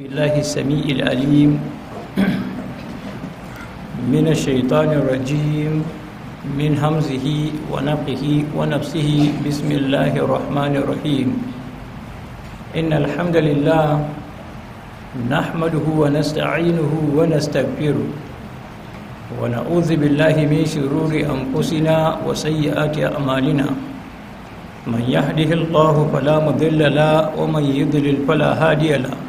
بالله السميع العليم من الشيطان الرجيم من همزه ونقه ونفسه بسم الله الرحمن الرحيم إن الحمد لله نحمده ونستعينه ونستغفره ونعوذ بالله من شرور أنفسنا وسيئات أعمالنا من يهده الله فلا مضل له ومن يضلل فلا هادي له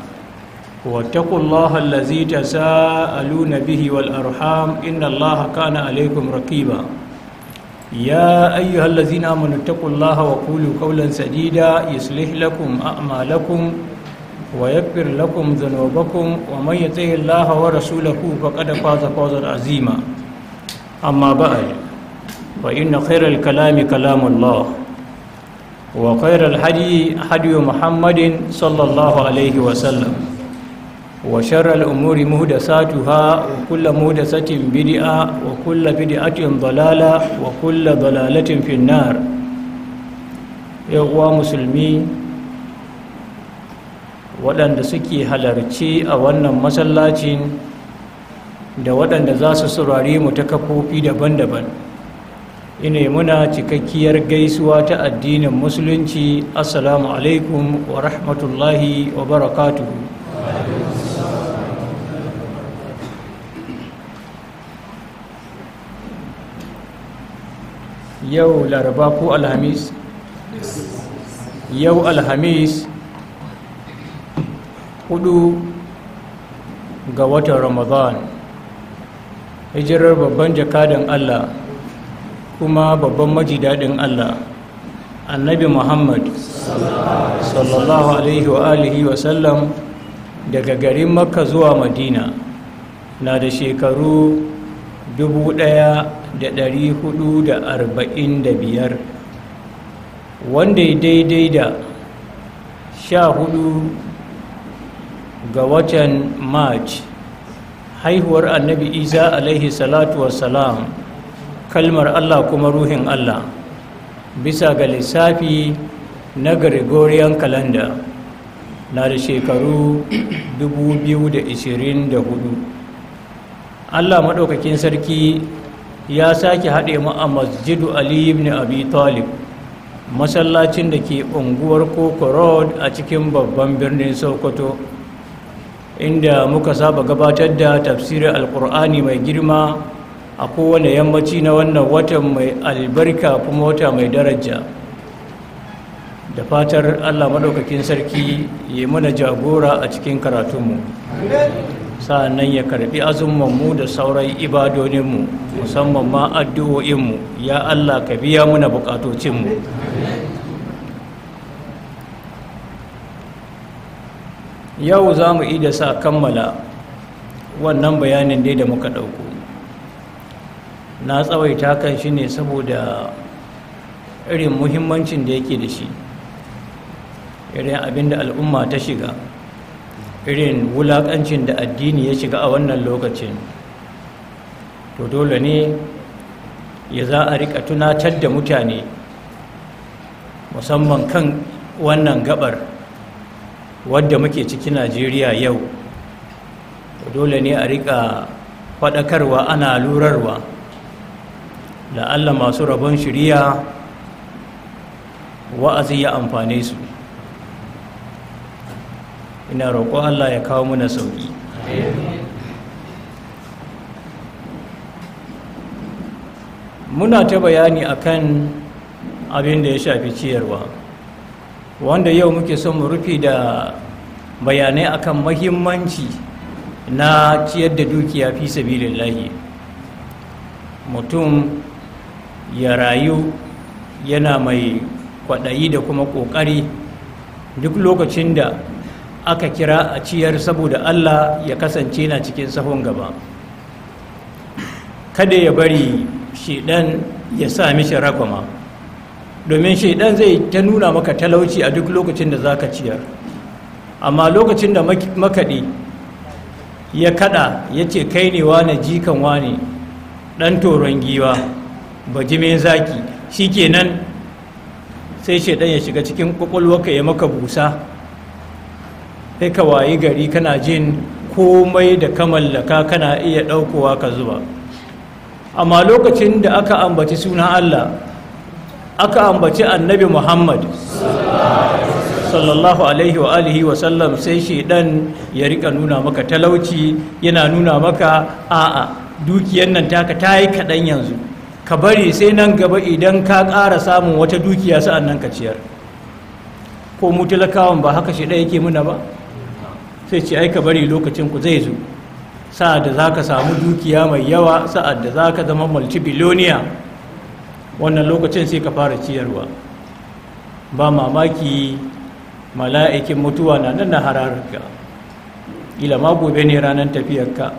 واتقوا الله الذي تساءلون به والأرحام إن الله كان عليكم رقيبا يا أيها الذين آمنوا اتقوا الله وقولوا قولا سديدا يصلح لكم أعمالكم ويغفر لكم ذنوبكم ومن يطع الله ورسوله فقد فاز فوزا عظيما أما بعد فإن خير الكلام كلام الله وخير الهدي هدي محمد صلى الله عليه وسلم Wa وشر الأمور مهدساتها وكل مهدسة بدعة وكل بدعة ضلالة وكل ضلالة في النار يغوى musulmi waɗanda suke halarci a wannan masallacin da waɗanda za su saurare mu ta kafofi daban-daban ina muna cikakkiyar gaisuwa ta addinin musulunci assalamu alaikum wa rahmatullahi wa barakatuhu yau laraba ko alhamis yau alhamis hudu ga watan ramadan hijirar babban jakadan allah kuma babban majidadin allah annabi muhammad sallallahu alaihi wa alihi wa sallam daga garin makka zuwa madina na da shekaru dubu ɗaya. da ɗari hudu da arba'in da biyar wanda ya daidai da sha hudu ga watan march haihuwar annabi isa alaihi salatu wassalam kalmar allah kuma ruhin allah bisa ga lissafi na gregorian calendar na da shekaru 2024 allah maɗaukakin sarki ya sake haɗe mu a masjidu ali ibn abi talib masallacin da ke unguwar koko road a cikin babban birnin sokoto inda muka saba gabatar da tafsirin alkur'ani mai girma a kowane yammaci na wannan watan mai albarka kuma wata mai daraja da fatar allah maɗaukakin sarki ya mana jagora a cikin karatunmu nan ya karbi mu da sauran ibadoninmu musamman ma addu'o'inmu ya Allah ka biya muna bukatocinmu yau za mu ida sa kammala wannan bayanin dai da muka ɗauko na tsawaita kan shi ne saboda irin muhimmancin da yake da shi irin abin da al'umma ta shiga irin wulaƙancin da addini ya shiga a wannan lokacin to dole ne ya za a rika tunatar da mutane musamman kan wannan gabar wadda muke ciki najeriya yau to dole ne a riƙa faɗakarwa ana lurarwa la'alla masu rabon shiriya wa'azi ya amfane su ina roƙo Allah ya kawo muna sauƙi muna ta bayani akan abin da ya shafi ciyarwa wanda yau muke son mu rufe da bayanai akan mahimmanci na ciyar da dukiya fi sabilillahi mutum ya rayu yana mai kwaɗayi da kuma ƙoƙari duk lokacin da aka kira a ciyar saboda Allah ya kasance na cikin sahun gaba kada ya bari shidan ya sa mishi rakwama domin shaidan zai ta nuna maka talauci a duk lokacin da za ka ciyar amma lokacin da makaɗi ya kaɗa ya ce kai ne wane jikan wane ɗan toron giwa bajimin zaki shi kenan sai shaidan ya shiga cikin kwakwalwarka ya maka busa sai ka wayi gari kana jin komai da ka mallaka kana iya ɗaukowa ka zuba amma lokacin da aka ambaci suna Allah aka ambaci annabi Muhammad sallallahu alaihi wa alihi wa sallam sai shedan ya rika nuna maka talauci yana nuna maka a'a dukiyar nan taka ta yi kaɗan yanzu ka bari sai nan gaba idan ka ƙara samun wata dukiya sa'annan nan ka ciyar ko mu talakawan ba haka shedan yake muna ba sai ce aika bari lokacin ku zai zo sa'ad da za ka samu dukiya mai yawa sa'ad da za ka zama multibiloniya wannan lokacin sai ka fara ciyarwa ba mamaki mala'ikin mutuwa na nan na hararka ila ma gobe ne ranar tafiyarka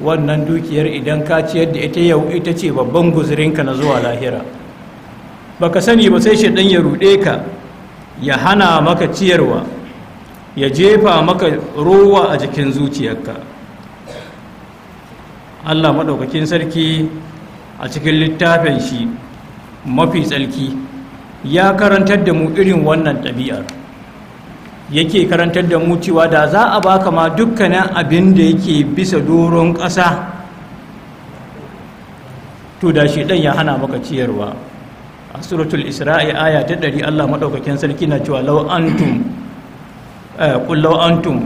wannan dukiyar idan ka ciyar da ita yau ita ce babban guzurinka na zuwa lahira baka sani ba sai shi ya rude ka ya hana maka ciyarwa ya jefa maka rowa a jikin zuciyarka allah maɗaukakin sarki a cikin littafin shi mafi tsarki ya karantar da mu irin wannan ɗabi'ar yake karantar da mu cewa da za a baka ma dukkanin abin da yake bisa doron ƙasa to da shi ɗan ya hana maka ciyarwa a suratul isra'i aya ta ɗari allah maɗaukakin sarki na cewa lau آه، قل لو أنتم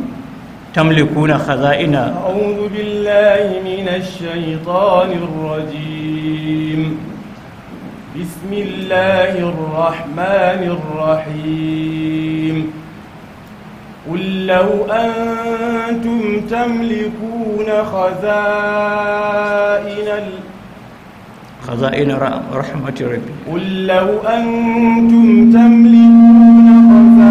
تملكون خزائن أعوذ بالله من الشيطان الرجيم بسم الله الرحمن الرحيم قل لو أنتم تملكون خزائن خزائن رحمة ربي قل لو أنتم تملكون خزائن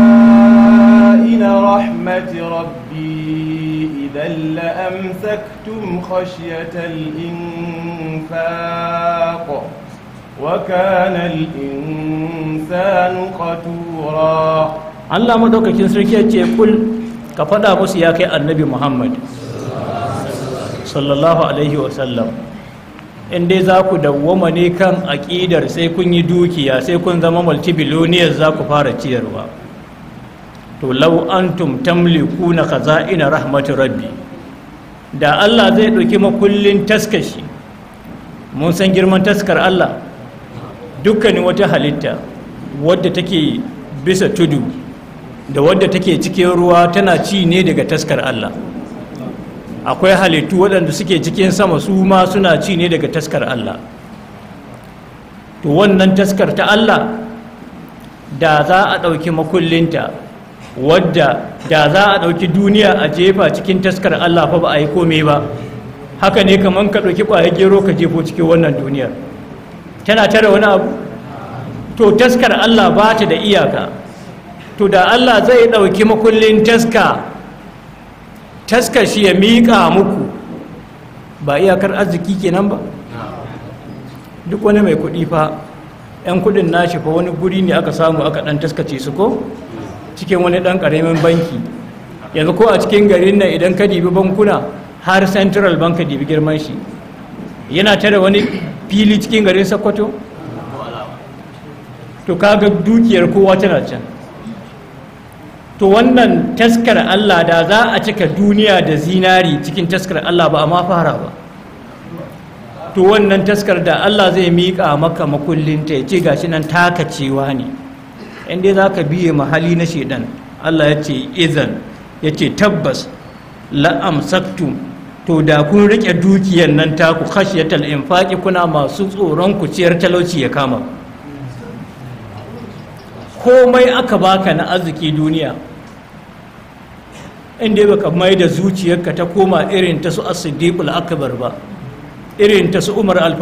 من رحمة ربي إذا لأمسكتم خشية الإنفاق وكان الإنسان قتورا الله madaukakin sarki ya ce kul ka faɗa musu ya kai annabi Muhammad in dai za ku dawwama ne kan aƙidar sai kun yi dukiya sai kun zama multibiloniyar za ku fara ciyarwa to lau antum tamlikuna ina rahmatu rabbi da Allah zai ɗauki makullin taskashi shi mun san girman taskar Allah dukkanin wata halitta wadda take bisa tudu da wadda take cikin ruwa tana ci ne daga taskar Allah akwai halittu waɗanda suke cikin sama su ma suna ci ne daga taskar Allah to wannan taskar ta Allah da za a ɗauki makullinta wadda da za a ɗauki duniya a jefa cikin taskar Allah fa ba a yi komai ba haka ne kamar ka ɗauki ƙwayar gero ka jefo cikin wannan duniyar tana tare wani abu to taskar Allah ba ta da iyaka to da Allah zai ɗauki makullin taska taskar shi ya miƙa muku ba iyakar arziki kenan ba duk wani mai kuɗi fa 'yan kuɗin nashi fa wani guri ne aka samu aka ɗan taskace su ko cikin wani ɗan ƙaramin banki yanzu ko a cikin garin nan idan ka dibi bankuna har central bank ka dibi girman shi yana tare wani fili cikin garin sokoto to kaga dukiyar kowa tana can to wannan taskar allah da za a cika duniya da zinari cikin taskar allah ba a ma fara ba to wannan taskar da allah zai miƙa maka makullinta ya ce gashi nan takacewa ne in dai za ka biye mahali na shaidan Allah ya ce izan ya ce tabbas la'amsaktu to da kun rike dukiyar nan taku khashiyatal infaqi kuna masu tsoron ku ciyar talauci ya kama komai aka baka na arziki duniya inda baka mai da zuciyarka ta koma irin ta su as akbar ba irin ta su Umar al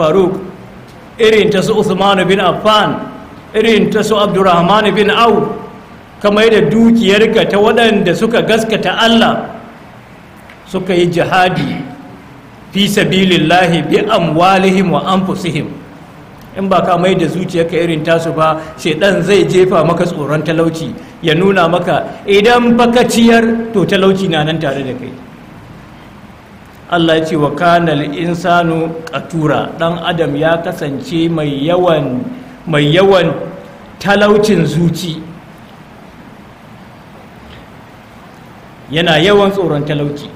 irin ta su usmanu bin Affan irin ta su abdurrahman bin au kamar da dukiyarka ta waɗanda suka gaskata allah suka yi jihadi fi sabilillahi bi amwalihim wa anfusihim in ba ka mai da zuciyarka irin tasu ba ɗan zai jefa maka tsoron talauci ya nuna maka idan baka ciyar to talauci na nan tare da kai Allah ya ce wa kanal insanu katura dan adam ya kasance mai yawan mai yawan talaucin zuci yana yawan tsoron talauci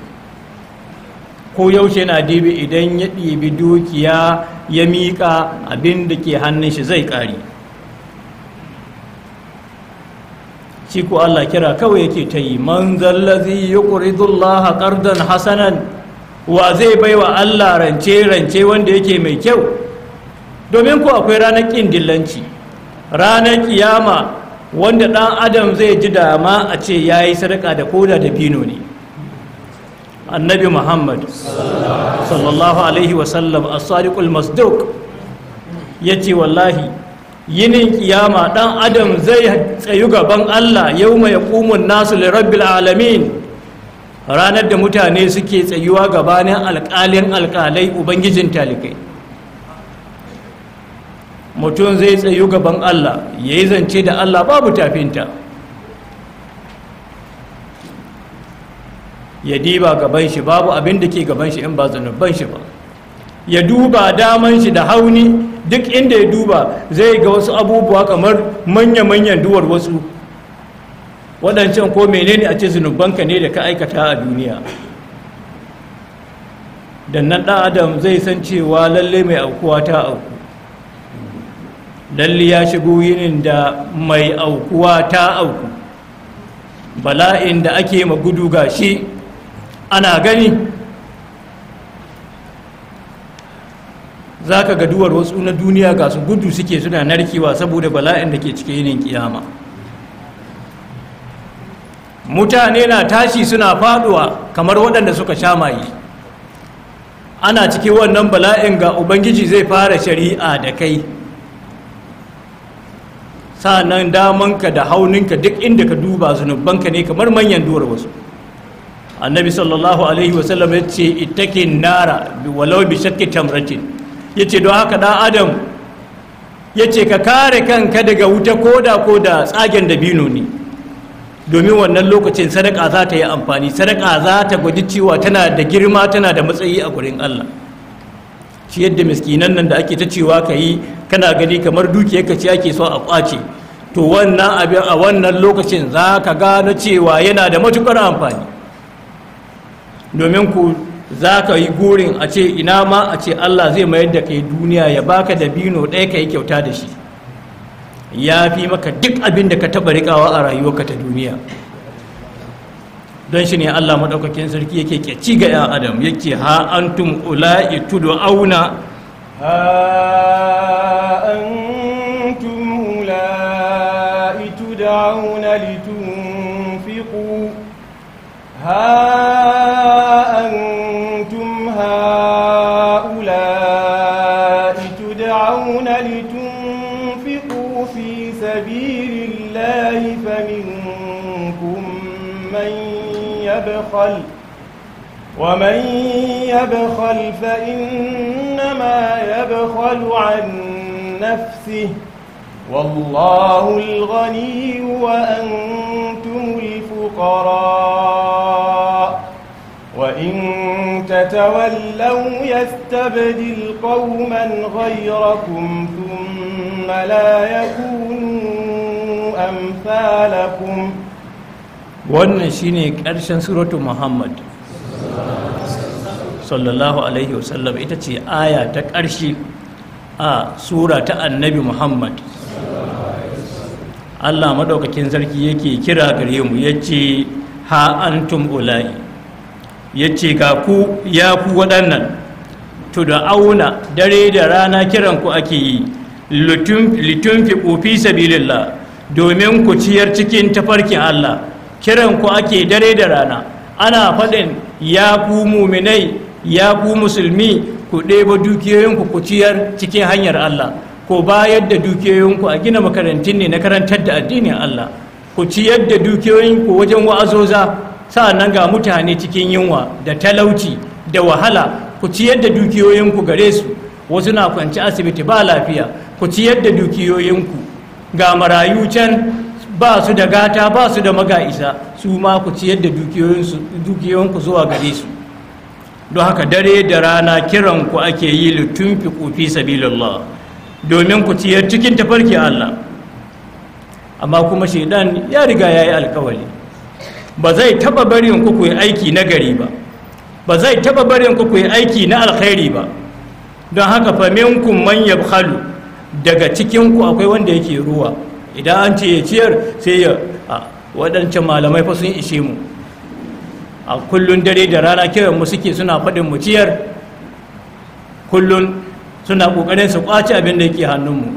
ko yaushe na dibi idan ya ɗibi dukiya ya miƙa abin da ke hannun shi zai ƙari shi ko Allah kira kawai yake ta yi manzan lazi yi ƙuridullaha ƙardan hasanan wa zai baiwa Allah rance rance wanda yake mai kyau domin ku akwai ranar ƙin dillanci ranar ƙiyama wanda ɗan adam zai ji dama a ce ya yi sadaka da koda da bino ne annabi muhammad sallallahu alaihi wasallam a sadiqul masduk ya ce wallahi yinin ƙiyama ɗan adam zai tsayu gaban allah yau mai ƙumun nasu lirabbil alamin ranar da mutane suke tsayuwa gabanin alƙalin alƙalai ubangijin talikai mutum zai tsayu gaban Allah ya yi zance da Allah babu tafinta ya diba gaban shi babu abin da ke gaban shi in ba zanubban shi ba ya duba daman shi da hauni duk inda ya duba zai ga wasu abubuwa kamar manya-manyan duwar wasu waɗancan ko menene a ce ka ne da ka aikata a duniya da na ɗan adam zai san cewa lalle mai aukuwa ta auku Lalliya ya shigo yinin da mai aukuwa ta auku bala'in da ake magudu ga shi ana gani za ka gaduwar wasu na duniya ga su gudu suke suna narkewa saboda bala'in da ke cike yinin kiyama mutane na tashi suna faduwa kamar waɗanda suka sha maye ana cike wannan bala'in ga ubangiji zai fara shari'a da kai sa'annan damanka da hauninka duk inda ka duba zunubanka ne kamar manyan duwar wasu annabi sallallahu alaihi wasallam ya ce itake nara walau bi shakki tamratin ya ce don haka dan adam ya ce ka kare kanka daga wuta koda ko da tsagen dabino ne domin wannan lokacin sadaka za ta yi amfani sadaka za ta gwaji cewa tana da girma tana da matsayi a gurin allah shi yadda miskinan nan da ake ta cewa ka yi kana gani kamar dukiyarka ce ake so a kwace to wannan abin a wannan lokacin za ka gano cewa yana da matukar amfani domin ku za ka yi gurin a ce ina ma a ce Allah zai mayar da kai duniya ya baka da bino ɗaya ka yi kyauta da shi ya fi maka duk abin da ka taɓa riƙawa a rayuwarka ta duniya don shi ne Allah maɗaukakin sarki yake ke ci ga 'yan adam yake ha antum ula'i tudu auna ha تدعون لتنفقوا ها أنتم هؤلاء تدعون لتنفقوا في سبيل الله فمنكم من يبخل ومن يبخل فإنما يبخل عن نفسه والله الغني وأنتم الفقراء وإن تتولوا يستبدل قوما غيركم ثم لا يكونوا أمثالكم wannan shine ƙarshen suratu muhammad sallallahu alaihi wasallam ita ce aya ta ƙarshe a sura ta annabi muhammad Allah madaukakin sarki yake kira gare mu ce ha antum ulai ce ga ku ya ku waɗannan to da auna dare da rana kiran ku ake yi litun fi sabilillah domin ku ciyar cikin tafarkin Allah kiran ku ake dare da rana ana faɗin ya ku muminai ya ku musulmi ku ɗeba dukiyoyinku ku ciyar cikin hanyar Allah ko bayar da dukiyoyinku a gina makarantun ne na karantar da addinin Allah ku ciyar da dukiyoyinku wajen wa'azoza nan ga mutane cikin yunwa da talauci da wahala ku ciyar da dukiyoyinku gare su wasu na kwanci asibiti ba lafiya ku ciyar da dukiyoyinku ga marayu can ba su da gata ba su da maga'isa su ma ku ciyar da dukiyoyinku zuwa gare su don haka dare da rana kiran ku ake yi littun fi sabilillah domin ku ciyar cikin tafarki Allah amma kuma shaidan ya riga ya yi alkawali ba zai taɓa barin ku ku yi aiki na gari ba ba zai taɓa barin ku ku yi aiki na alkhairi ba don haka fa minkum man khalu, daga cikinku akwai wanda yake ruwa idan an ce ya ciyar sai ya waɗancan malamai fa sun ishe mu a kullun dare da rana kiran mu suke suna faɗin mu ciyar kullun suna ƙoƙarin su kwace abin da yake hannunmu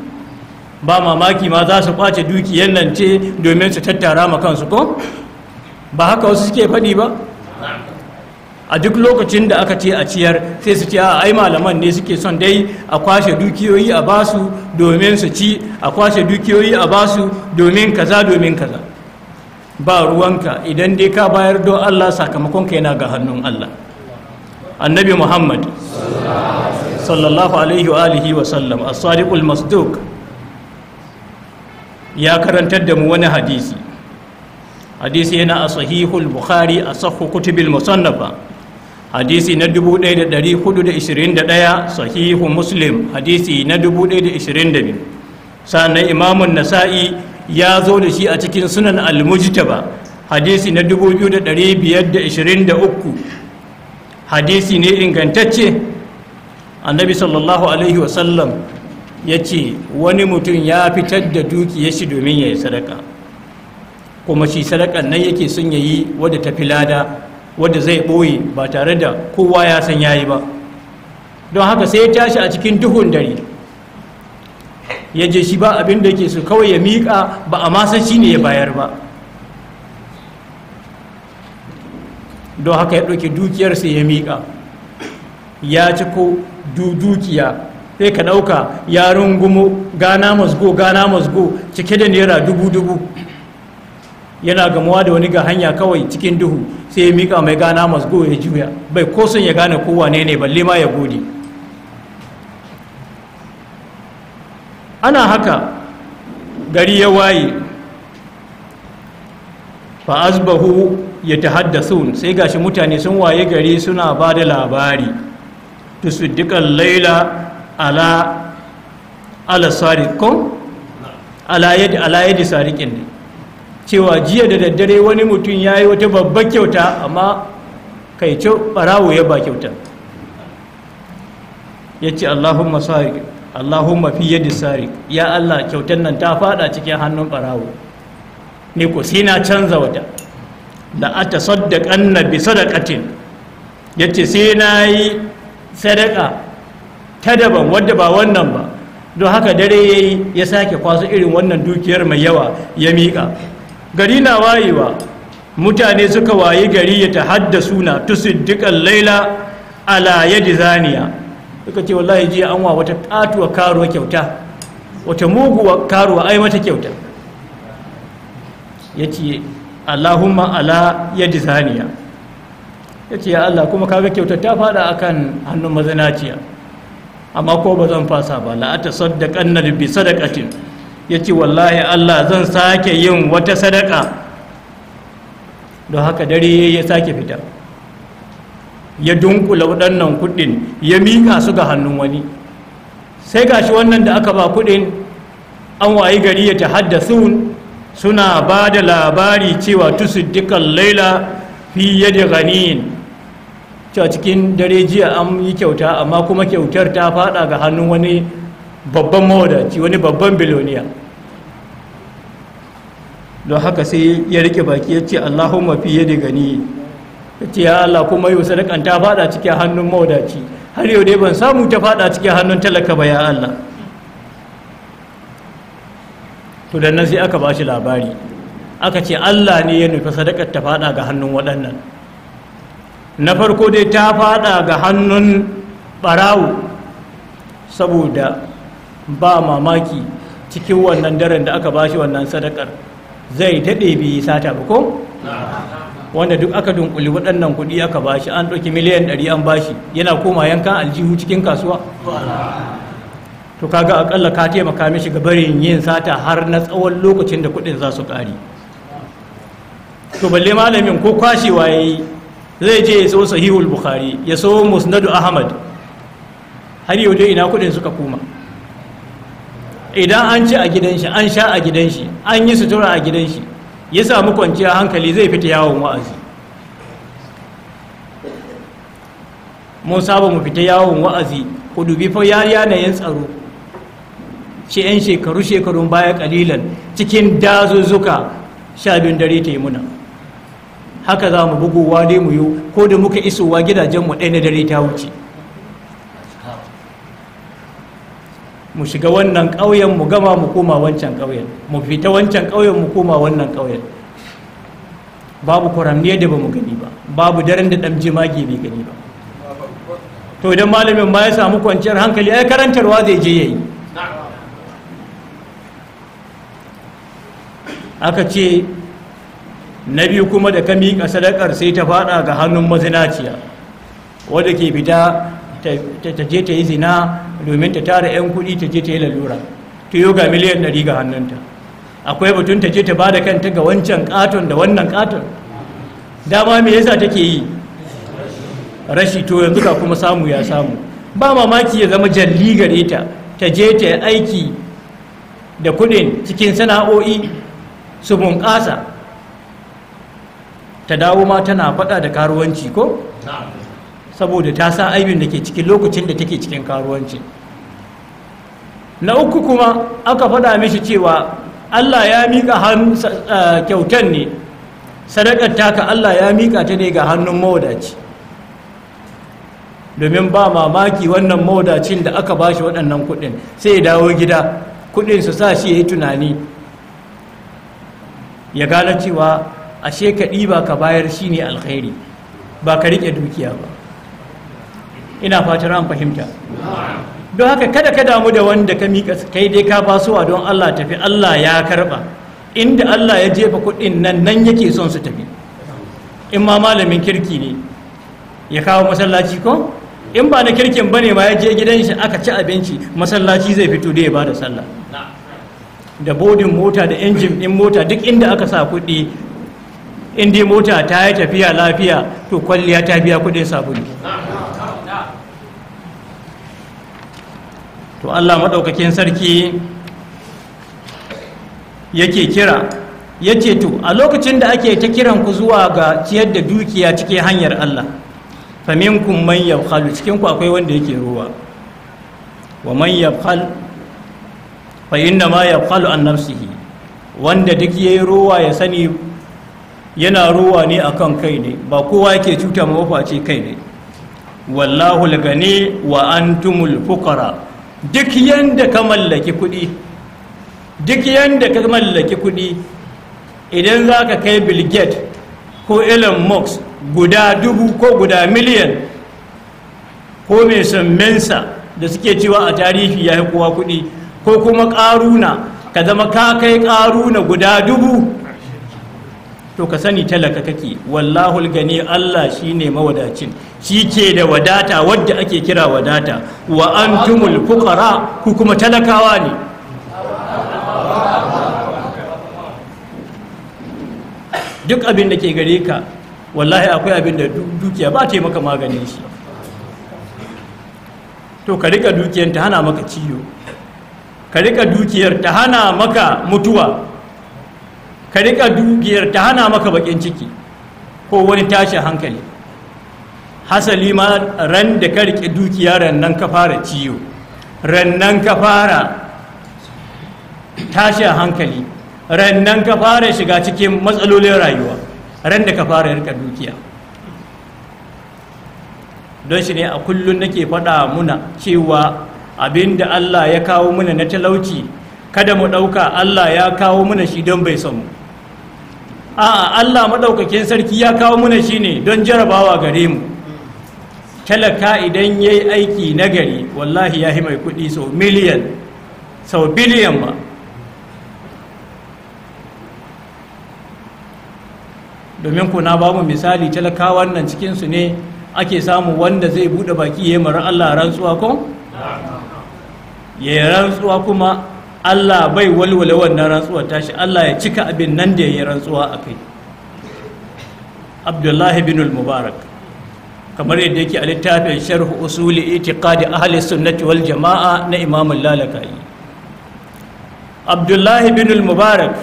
ba mamaki ma za su kwace dukiyar nan ce domin su tattara ma kansu ko ba haka wasu suke faɗi ba a duk lokacin da aka ce a ciyar sai su ce a ai malaman ne suke son dai a kwashe dukiyoyi a basu domin su ci a kwashe dukiyoyi a basu domin kaza domin kaza ba ruwanka idan dai ka bayar don allah sakamakonka yana ga hannun allah annabi muhammad sallallahu alaihi wa alihi wa sallam as-sadiqul masduq ya karantar da mu wani hadisi hadisi yana a sahihul bukhari a sahu kutubil musannafa hadisi na 1421 sahihu muslim hadisi na 1022 sannan imamun nasa'i ya zo da shi a cikin sunan al-mujtaba hadisi na 2523 hadisi ne ingantacce annabi sallallahu alaihi wasallam ya ce wani mutum ya fitar da dukiyar shi domin ya yi sadaka kuma shi sadakan nan yake son ya yi wadda ta lada wadda zai ɓoye ba tare da kowa ya san yayi ba don haka sai ya tashi a cikin duhun dare ya je shi ba abin da yake so kawai ya miƙa ba a masan shi ne ya bayar ba don haka ya ɗauki dukiyarsa ya miƙa ya ci ko dukiya sai ka ɗauka ya rungumo gana masgo gana masgo cike da naira dubu dubu yana gamuwa da wani ga hanya kawai cikin duhu sai ya miƙa mai gana masgo ya juya bai ko son ya gane kowa ne ne balle ma ya gode ana haka gari ya waye fa asbahu yatahaddathun sai gashi mutane sun waye gari suna ba da labari tusuddiqal laila ala ala sariqum ala ala yadi sariqin ne cewa jiya da daddare wani mutum yayi wata babbar kyauta amma kai ce barawo ya ba kyauta yace Allahumma sariq Allahumma fi yadda sariq ya Allah kyautar nan ta fada cikin hannun barawo ni ku sina canza wata la da bi ya ce sai na yi sadaka ta daban wadda ba wannan ba don haka dare ya yi ya sake kwasu irin wannan dukiyar mai yawa ya miƙa gari na wayewa mutane suka wayi gari ya ta suna na dukkan laila ala yadi zaniya suka ce wallahi jiya an wa wata katuwa karuwa kyauta wata muguwa karuwa ai mata kyauta ya ce allahumma ala yadi zaniya ya ce ya allah kuma kaga kyautar ta fada akan hannun mazinaciya amma ko ba zan fasa ba la'ata saddaƙan na bi sadakatin ya ce wallahi allah zan sake yin wata sadaka don haka dare ya sake fita ya dunkula waɗannan kuɗin ya mika su ga hannun wani sai gashi wannan da aka ba kuɗin an wayi gari ya ta su. suna ba da labari cewa tusiddikan laila fiye da ganin cewa cikin dare jiya an yi kyauta amma kuma kyautar ta fada ga hannun wani babban mawadaci wani babban biloniya don haka sai ya rike baki ya ce allahumma fiye da gani ya ce ya allah kuma yau sadakan ta fada cikin hannun mawadaci har yau dai ban samu ta fada cikin hannun talaka ba ya allah to da nan sai aka ba shi labari aka ce allah ne ya nufi sadakar ta fada ga hannun waɗannan na farko dai ta fada ga hannun barawo saboda ba mamaki cikin wannan daren da aka ba shi wannan sadakar zai daɗe bi sata ba ko wanda duk aka dunkuli waɗannan kuɗi aka ba shi an ɗauki miliyan ɗari an ba shi yana koma yankan aljihu cikin kasuwa to kaga akalla ka taimaka mishi ga barin yin sata har na tsawon lokacin da kuɗin za su ƙare to balle malamin ko kwashewa ya zai je ya so sahihul bukhari ya so musnadu ahmad har yau dai ina kuɗin suka kuma? idan an ci a gidan shi an sha a gidan shi an yi sutura a gidan shi ya samu kwanciya hankali zai fita yawon wa'azi mun saba mu fita yawon wa'azi ku dubi fa yanayin tsaro shi 'yan shekaru shekarun baya kalilan cikin dazuzzuka shabin dare ta yi muna haka za mu bugowa dai mu yi ko da muka isowa gidajenmu ɗaya na dare ta wuce mu shiga wannan ƙauyen mu gama mu koma wancan ƙauyen mu fita wancan ƙauyen mu koma wannan ƙauyen babu kwaramniya da ba mu gani ba babu daren da ɗan jimage mai gani ba to idan malamin ma ya samu kwanciyar hankali ai karantarwa zai je yayi aka ce na biyu kuma da ka miƙa sadakar sai ta fada ga hannun mazinaciya wadda ke fita ta je ta yi zina domin ta tara 'yan kudi ta je ta yi lalura ta yi miliyan 100 ga hannunta akwai batun ta je ta ba da kanta ga wancan katon da wannan katon dama me yasa take yi rashi to yanzu ka kuma samu ya samu ba mamaki ya zama jalli gare ta ta je ta aiki da kudin cikin sana'o'i su bunƙasa ta dawo ma tana faɗa da karuwanci ko saboda ta sa aibin da ke cikin lokacin da take cikin karuwanci na uku kuma aka faɗa mishi cewa allah ya miƙa hannun kyautan ne sadakar taka allah ya miƙa ta ne ga hannun mawadaci domin ba mamaki wannan mawadacin da aka ba shi waɗannan kuɗin sai ya dawo gida kuɗin su sa shi ya yi tunani ya gane cewa ashe ka ɗiba ka bayar shi ne alkhairi ba ka rike dukiya ba ina fatar an fahimta don haka kada ka damu da wanda ka miƙa kai dai ka fasowa don Allah tafi Allah ya karba inda Allah ya jefa kuɗin nan nan yake son su tafi in ma malamin kirki ne ya kawo masallaci ko in ba na kirkin bane ma ya je gidan shi aka ci abinci masallaci zai fito da ya bada sallah da bodin mota da injin ɗin mota duk inda aka sa kuɗi indi mota ta yi tafiya lafiya to kwalliya ta biya kuɗin sabuni to allah maɗaukakin sarki yake kira ya ce to a lokacin da ake ta kiran ku zuwa ga ciyar da dukiya cikin hanyar allah faminkum man yabkhalu cikin ku akwai wanda yake ruwa wa man yabkhal fa inna ma yaqalu an nafsihi wanda duk yayi ruwa ya sani yana ruwa ne akan kai ne ba kowa yake cuta ma mafaci kai ne wallahu ne wa antumul fuqara duk yanda ka mallaki kuɗi duk yanda ka mallaki kuɗi idan za ka kai bill gates ko elon musk guda dubu ko guda miliyan ko mai sammensa da suke cewa a tarihi ya yi kowa kuɗi ko kuma ƙaruna ka zama ka kai ƙaruna guda dubu to ka sani talaka kake wallahu gani Allah shine mawadacin shi ke da wadata wadda ake kira wadata wa antumul fuqara ku kuma talakawa ne duk abin da ke gare ka wallahi akwai abin da dukiya ba ta maka maganin shi to ka rika dukiyanta hana maka ciyo. ka rika dukiyar ta hana maka mutuwa ka rika dukiyar ta hana maka bakin ciki ko wani tashin hankali hasali ma ran da ka rike dukiya rannan ka fara ciwo rannan ka fara tashin hankali rannan ka fara shiga cikin matsalolin rayuwa ran da ka fara rika dukiya don shi ne a kullum nake faɗa muna cewa abinda Allah ya kawo mana na talauci kada mu ɗauka Allah ya kawo mana shi don bai samu a'a Allah maɗaukakin sarki ya kawo mana shi ne don jarabawa gare mu talaka idan ya yi aiki nagari wallahi ya yi mai kuɗi sau miliyan sau biliyan ba domin kuna ba mu misali talakawan nan cikinsu ne ake samu wanda zai buɗe baki ya mara Allah rantsuwa ko? ya rantsuwa kuma Allah bai walwale wannan rantsuwa tashi Allah ya cika abin nan da ya rantsuwa a kai abdullahi bin mubarak kamar yadda yake a littafin sharhu usuli itiqadi ahli sunnati wal jama'a na imam lalakai abdullahi bin mubarak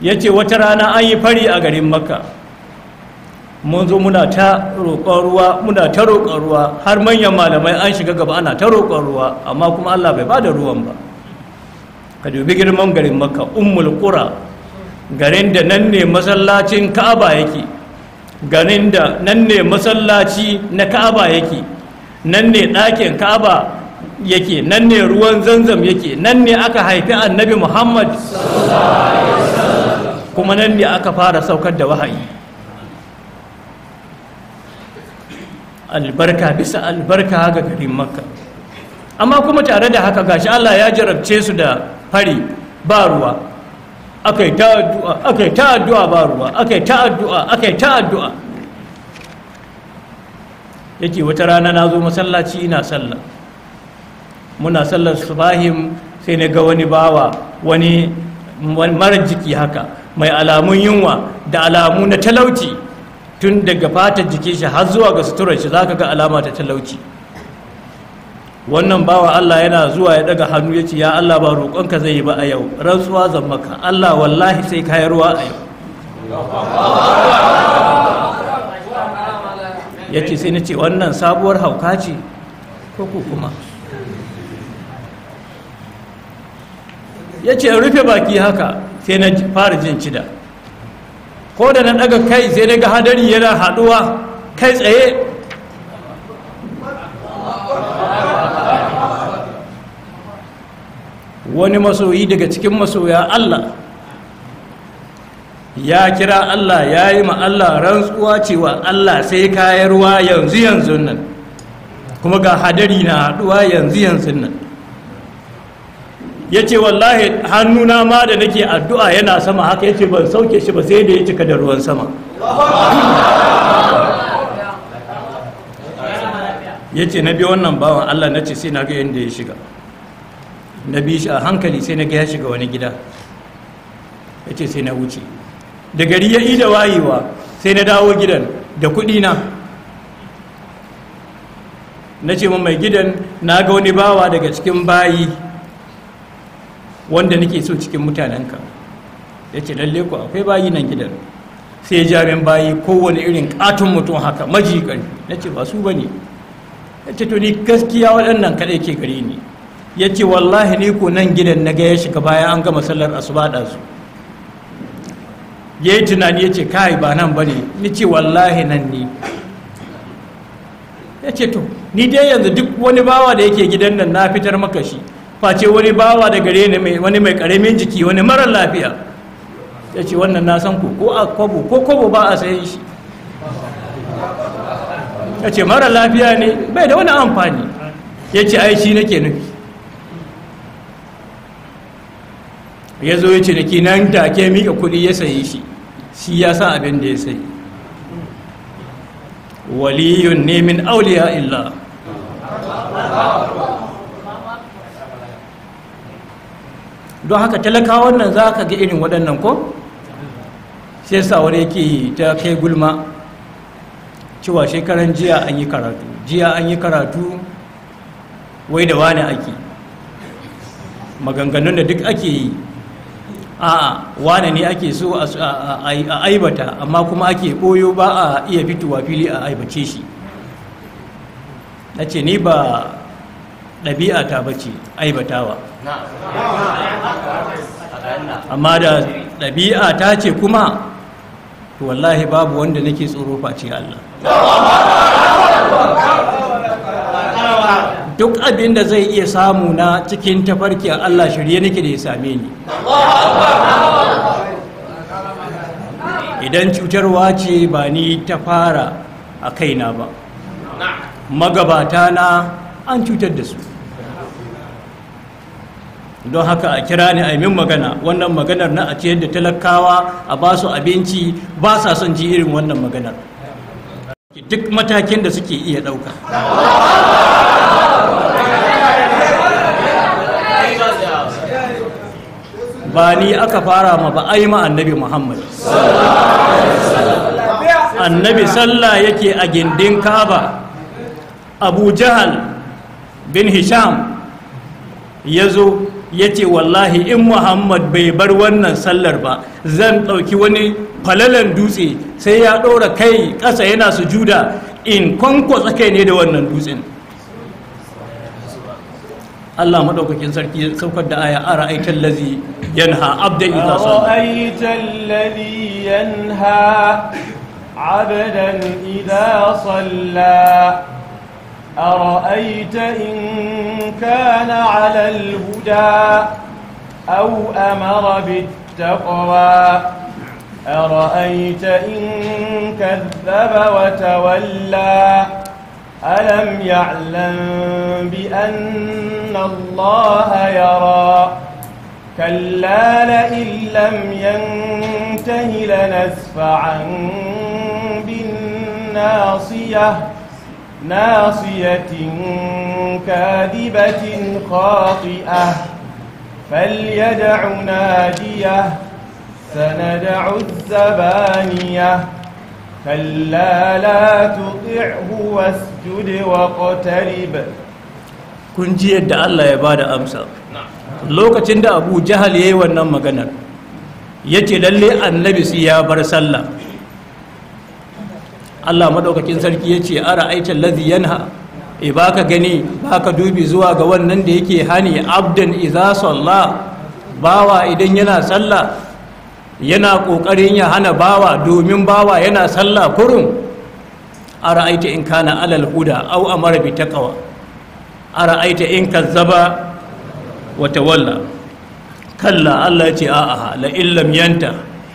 yace wata rana an yi fari a garin makka mun zo muna ta roƙon ruwa muna ta roƙon ruwa har manyan malamai an shiga gaba ana ta roƙon ruwa amma kuma Allah bai ba da ruwan ba ka dubi girman garin makka ummul qura garin da nan ne masallacin ka'aba yake garin da nan ne masallaci na ka'aba yake nan ne ɗakin ka'aba yake nan ne ruwan zanzam yake nan ne aka haifi annabi muhammad kuma nan ne aka fara saukar da wahayi albarka bisa albarka ga garin makka amma kuma tare da haka gashi allah ya jarabce su da fari ba ruwa aka yi ta addu'a ba ruwa aka yi ta addu'a aka yi ta addu'a yake wata rana na zo masallaci ina sallah muna sallar subahim sai na ga wani bawa wani mara jiki haka mai alamun yunwa da alamu na talauci tun daga fatar jikin shi har zuwa ga suturar shi zaka ga alama ta talauci wannan bawa Allah yana zuwa ya daga hannu ya ce ya Allah ba roƙonka zai yi ba a yau rantsuwa zan maka Allah wallahi sai kayan ruwa a yau ya ce sai na ce wannan sabuwar hauka ce ko kuma ya ce rufe baki haka sai na fara jin cida ko da na daga kai sai daga hadari yana haduwa kai tsaye wani masoyi daga cikin masoya Allah ya kira Allah ya yi ma Allah rantsuwa cewa Allah sai kayarwa yanzu yanzu nan kuma ga hadari na haduwa yanzu yanzu nan ya ce wallahi hannuna ma da nake addu'a yana sama haka ya ce ban sauke shi ba sai da ya cika da ruwan sama ya ce na biyu wannan bawan allah na ce sai na ga yadda ya shiga na biyu shi a hankali sai na ga shiga wani gida ya ce sai na wuce da gari ya ida wayewa sai na dawo gidan da kuɗi na na ce mai gidan na ga wani bawa daga cikin bayi wanda nake so cikin mutanenka ya ce lalle ku akwai bayi nan gidan sai ya jamin bayi kowane irin katon mutum haka majikan na ce ba su ba ne ya ce to ni gaskiya waɗannan kaɗai ke gari ne ya ce wallahi ni ko nan gidan na ga ya shiga bayan an gama sallar asuba da su ya tunani ya ce kai ba nan ba ne ni ce wallahi nan ne ya ce to ni dai yanzu duk wani bawa da yake gidan nan na fitar maka shi face wani bawa da gare ni wani mai karamin jiki wani marar lafiya ya ce wannan na san ku ko a kwabo ko kwabo ba a sayan shi ya ce marar lafiya ne bai da wani amfani ya ce aishi nake nufi ya zo ya ce nake nan ke miƙa kuɗi ya sayi shi shi ya sa abin da ya sayi waliyun ne min auliya illa don haka talakawan nan za ka ga irin waɗannan ko sai sawar yake ta kai gulma cewa shekaran jiya an yi karatu jiya an yi karatu wai da wani ake maganganun da duk ake yi a wane ne ake so a aibata amma kuma ake koyo ba a iya fitowa fili a aibace shi na ce ni ba ɗabi'a ta bace aibatawa amma da ɗabi'a ta ce kuma to wallahi babu wanda nake tsoro face Allah duk abin da zai iya samu na cikin tafarki a Allah shirye nake da ya same ni idan cutarwa ce ba ni ta fara a kaina ba magabata na an cutar da su don haka a kira ni a yi min magana wannan maganar na a ciyar da talakawa a ba su abinci ba sa son ji irin wannan maganar duk matakin da suke iya ɗauka ba ni aka fara ma ba a yi ma annabi muhammad annabi sallah yake a gindin kaba abu jahal bin hisham ya zo ya ce wallahi in muhammad bai bar wannan sallar ba zan ɗauki wani falalan dutse sai ya ɗora kai ƙasa yana sujuda in kwankwasa kai ne da wannan dutsen Allah maɗaukakin sarki saukar da aya ara aitan lazi yanha abda idza salla aitan lazi yanha abdan idza salla أرأيت إن كان على الهدى أو أمر بالتقوى أرأيت إن كذب وتولى ألم يعلم بأن الله يرى كلا لئن لم ينته لنسفعا بالناصيه ناصية كاذبة خاطئة فليدع ناديه سندع الزبانية كلا لا تطعه واسجد واقترب kun ji yadda Allah ya bada amsa lokacin da Abu Jahal yayi wannan maganar yace lallai annabi sai ya bar sallah Allah madaukakin sarki ya ce ara aitan ladhi yanha e baka gani baka dubi zuwa ga wannan da yake hani abdan iza salla bawa idan yana sallah yana kokarin ya hana bawa domin bawa yana sallah kurun ara aita in kana alal huda au amara bi taqwa ara aita in kazzaba wa tawalla kalla Allah ya ce a'a la illam yanta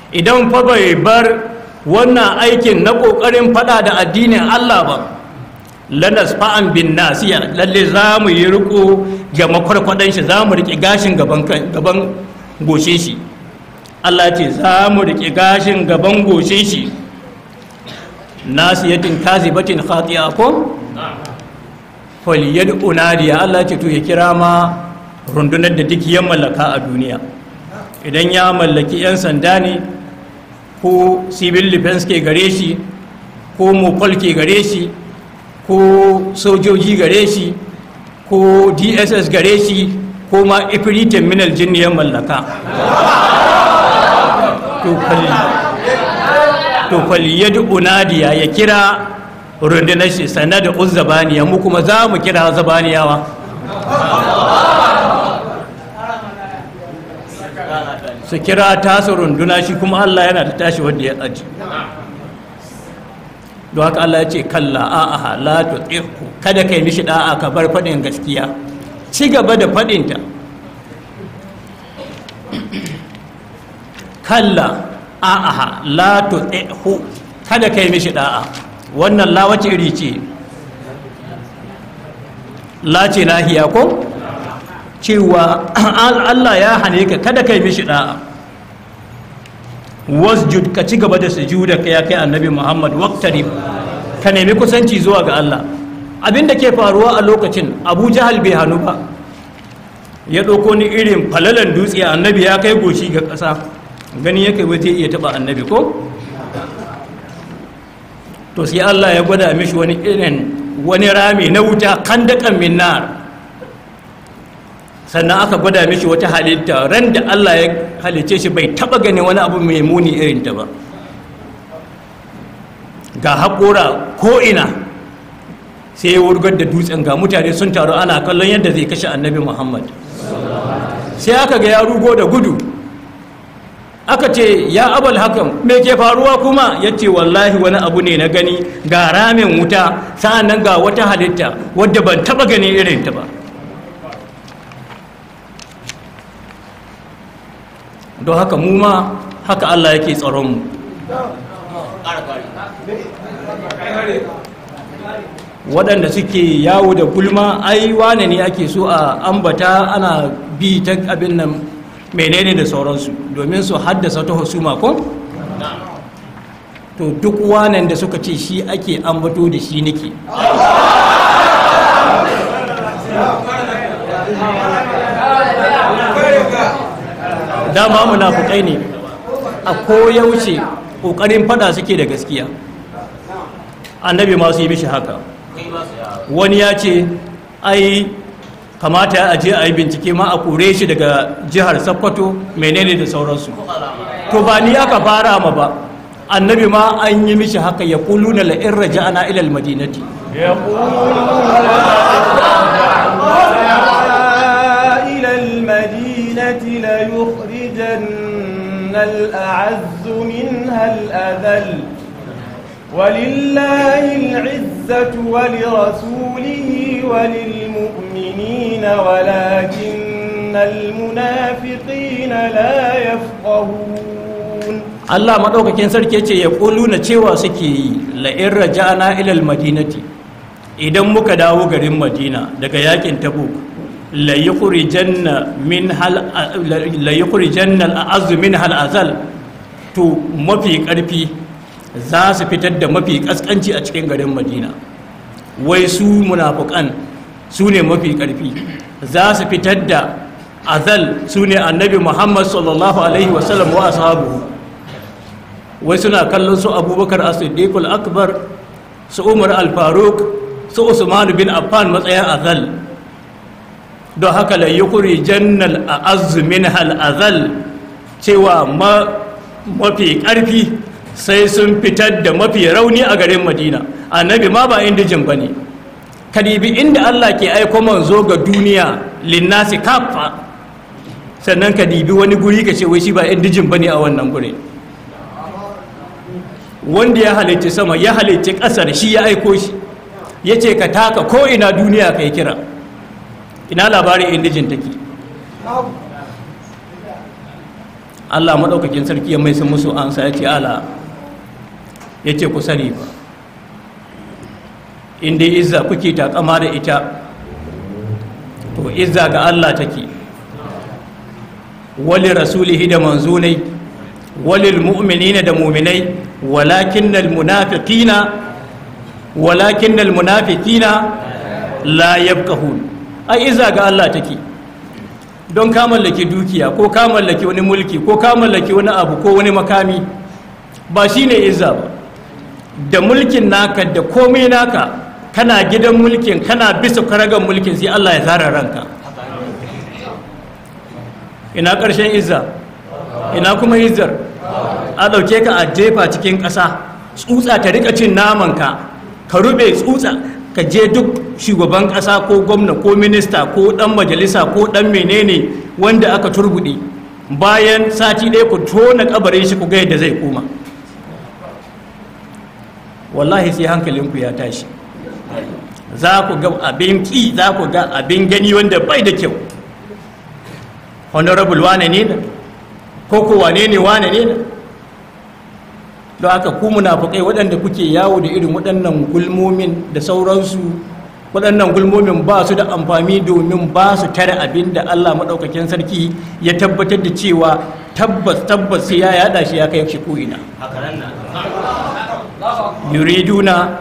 idan fa bai bar wannan aikin na ƙoƙarin fada da addinin Allah ba lanas fa'an bin nasiya lalle za mu yi riko ga makwarkwadan shi za mu rike gashin gaban goshe shi Allah ce za mu rike gashin gaban goshe shi nasiyatin kazibatin khatiya ko faliyar unadiya Allah ce to ya kira ma rundunar da duk mallaka a duniya idan ya mallaki 'yan sanda ne ko civil defense ke gare shi ko mopol ke gare shi ko sojoji gare shi ko dss gare shi ko ma ifiri terminal jiniyar mallaka ya kwaliyar unadiya ya kira rundunar shi sanar da uzzabaniya mu kuma za mu kira zabaniyawa su kira tasu runduna shi kuma Allah yana da tashi wanda ya tsaji don haka Allah ya ce kalla a'a halatu tsirku kada kai mishi da'a ka bar faɗin gaskiya ci gaba da faɗinta. kalla kalla a'a halatu tsirku kada kai mishi da'a wannan lawace iri ce la ce lahiya ko cewa Allah ya hane ka kada kai mishi da'a wasjud ka ci gaba da sujuda ka ya kai annabi Muhammad waqtarib ka nemi kusanci zuwa ga Allah abin da ke faruwa a lokacin Abu Jahal bai hanu ba ya ɗauko ni irin falalan dutse annabi ya kai goshi ga ƙasa gani ya kai wata iya taɓa annabi ko to sai Allah ya gwada mishi wani irin wani rami na wuta kandakan min nar sannan aka gwada mishi wata halitta ran da Allah ya halice shi bai taba ganin wani abu mai muni irin ta ba ga haƙora ko'ina sai ya wurgar da dutsen ga mutane sun taru ana kallon yadda zai kashe annabi muhammad sai aka ga ya rugo da gudu aka ce ya abal hakan me ke faruwa kuma ya ce wallahi wani abu ne na gani ga ramin wuta sa'an nan ga wata halitta wadda ban taba ganin irin ta ba don haka mu ma haka Allah yake tsaron mu waɗanda suke yawo da gulma ai wane ne ake so a ambata ana bi ta abin nan menene da sauransu domin su haddasa ta husuma mako to duk wanen da suka ce shi ake ambato da shi nake dama munafukai ne a koyaushe kokarin fada suke da gaskiya annabi ma su yi mishi haka wani ya ce ai kamata a je a yi bincike ma a kore shi daga jihar sakkwato menene da sauransu to ba ni aka fara ma ba annabi ma an yi mishi haka ya na la'irra ja'ana ilal madinati Azzumin منها الأذل ولله العزة ولرسوله وللمؤمنين ولكن المنافقين لا يفقهون الله ما دوك كين سركي يتي يقولون cewa suke yi la in raja'na ila madinati idan muka dawo garin Madina daga yakin Tabuk la yukhrijanna min hal la yukhrijanna hal azal to mafi ƙarfi za su fitar da mafi kaskanci a cikin garin madina wai su munafukan su ne mafi ƙarfi za su fitar da azal su ne annabi muhammad sallallahu alaihi wasallam wa ashabu wai suna kallon su abubakar asiddiqul akbar su umar al su usman bin affan matsayin azal don haka la yukuri jannal a azumin hal azal cewa ma mafi ƙarfi sai sun fitar da mafi rauni a garin madina annabi ma ba indijin ba ne kadibi inda allah ke aiko manzo ga duniya linnasi kafa sannan kadibi wani guri ka ce wai shi ba indijin ba ne a wannan guri wanda ya halitta sama ya halitta ƙasar shi ya aiko shi ya ce ka taka ko ina duniya ka yi kira ina labarin indijin take Allah maɗaukakin sarki ya mai sun musu an sa ya ce ala ya ce ku sani ba inda izza kuke takama da ita to izza ga Allah take wali rasulihi da manzunai wali mu'minina da muminai walakin munafiqina walakin munafiqina la yabqahun ai izza ga Allah take don ka mallake dukiya ko ka mallake wani mulki ko ka mallake wani abu ko wani makami ba shi ne izza ba da mulkin naka da komai naka kana gidan mulkin kana bisa karagan mulkin sai allah ya zara ranka ina ƙarshen izza ina kuma izar? a ɗauke ka a jefa cikin ƙasa tsutsa ta rika cin namanka, ka ka rube tsutsa ka je duk shugaban ƙasa ko gwamna ko minista ko ɗan majalisa ko ɗan menene wanda aka turbuɗe bayan sati ɗaya ku tona ƙabarin shi ku ga yadda zai koma wallahi sai hankalinku ya tashi za ku ga abin ƙi za ku ga abin gani wanda bai da kyau honorable wane ne na ko ko wane ne wane ne na don aka ku munafukai waɗanda kuke yawo da irin waɗannan gulmomin da sauransu waɗannan gulmomin ba su da amfani domin ba su tare abin da Allah maɗaukakin sarki ya tabbatar da cewa tabbas tabbas sai ya yada shi ya kai shi ko'ina yuriduna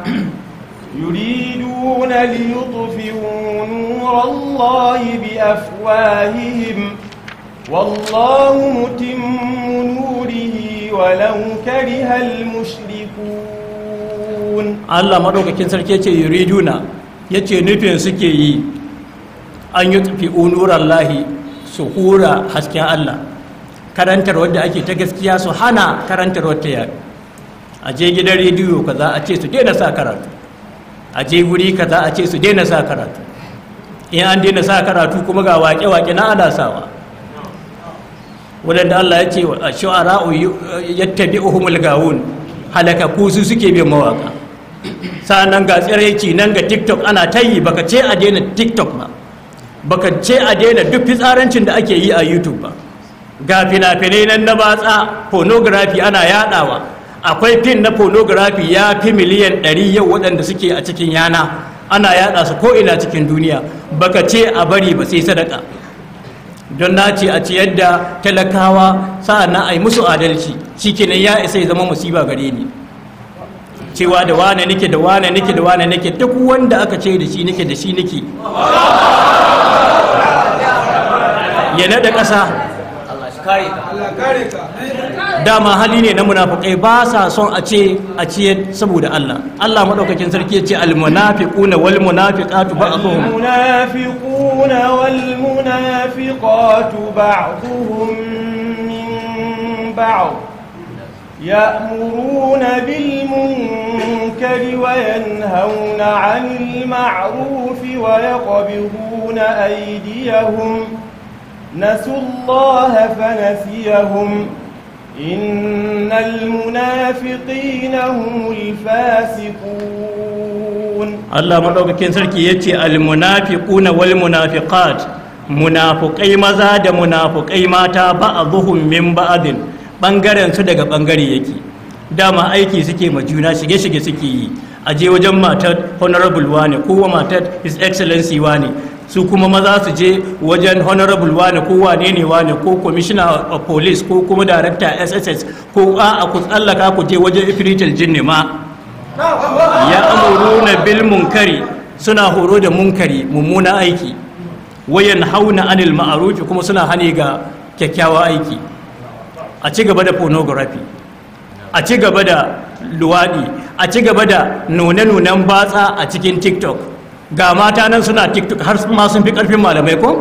bi والله متم نوره ولو كره المشركون الله مدوكاكين سركي يتي يريدونا يتي نفين سكي يي أن يطفي نور الله سهورا حسكي الله karantar wadda ake ta gaskiya su hana karantar wadda ya a je gidan rediyo ka za a ce su daina sa karatu a je wuri ka za a ce su daina sa karatu in an daina sa karatu kuma ga wake-wake na ana sawa wadanda Allah ya ce a shu'ara'u yattabi'uhumul gawun halaka ku su suke bin mawaka sa'annan ga ci nan ga TikTok ana ta yi baka ce a daina TikTok ba baka ce a daina duk fitsarancin da ake yi a YouTube ba ga fina-finai nan na batsa pornography ana yadawa akwai fin na pornography ya fi miliyan 100 yau waɗanda suke a cikin yana ana yada su ko ina cikin duniya baka ce a bari ba sai sadaka don na ce a ciyar da talakawa sa'an na a yi musu adalci shikenan ya isa ya zama musiba gare ni cewa da wane nake da wane nake da wane nake duk wanda aka ce da shi nake da shi nake ya da ƙasa dama hali ne na munafukai ba sa son a ce a ciyar saboda Allah Allah madaukakin sarki ya ce al munafiquna wal munafiqatu ba'dhum munafiquna wal munafiqatu ba'dhum min ba'd يأمرون بالمنكر وينهون عن المعروف ويقبضون أيديهم نسوا الله فنسيهم In almunafiƙi Allah maɗaukakin sarki ya ce, almunafiƙuna walmunafikat munafuƙai maza da munafukai mata ba a zuhun mamban adin, ɓangarensu daga ɓangare yake, dama aiki suke ma juna, shige-shige suke yi, a je wajen matart honourable wane, kowa matar his Excellency wane. su kuma maza su je wajen honorable wane ko wane ne wane ko commissioner of police ko kuma director sss ko a ku tsallaka ku je wajen ifritil jinni ma ya na bil munkari suna horo da munkari mummuna aiki wayan hauna anil ma'arufi kuma suna hane ga kyakkyawa aiki a ci gaba da pornography a ci gaba da luwaɗi a ci gaba da nune-nunen batsa a cikin tiktok ga mata nan suna tiktok har ma sun fi karfin malamai ko?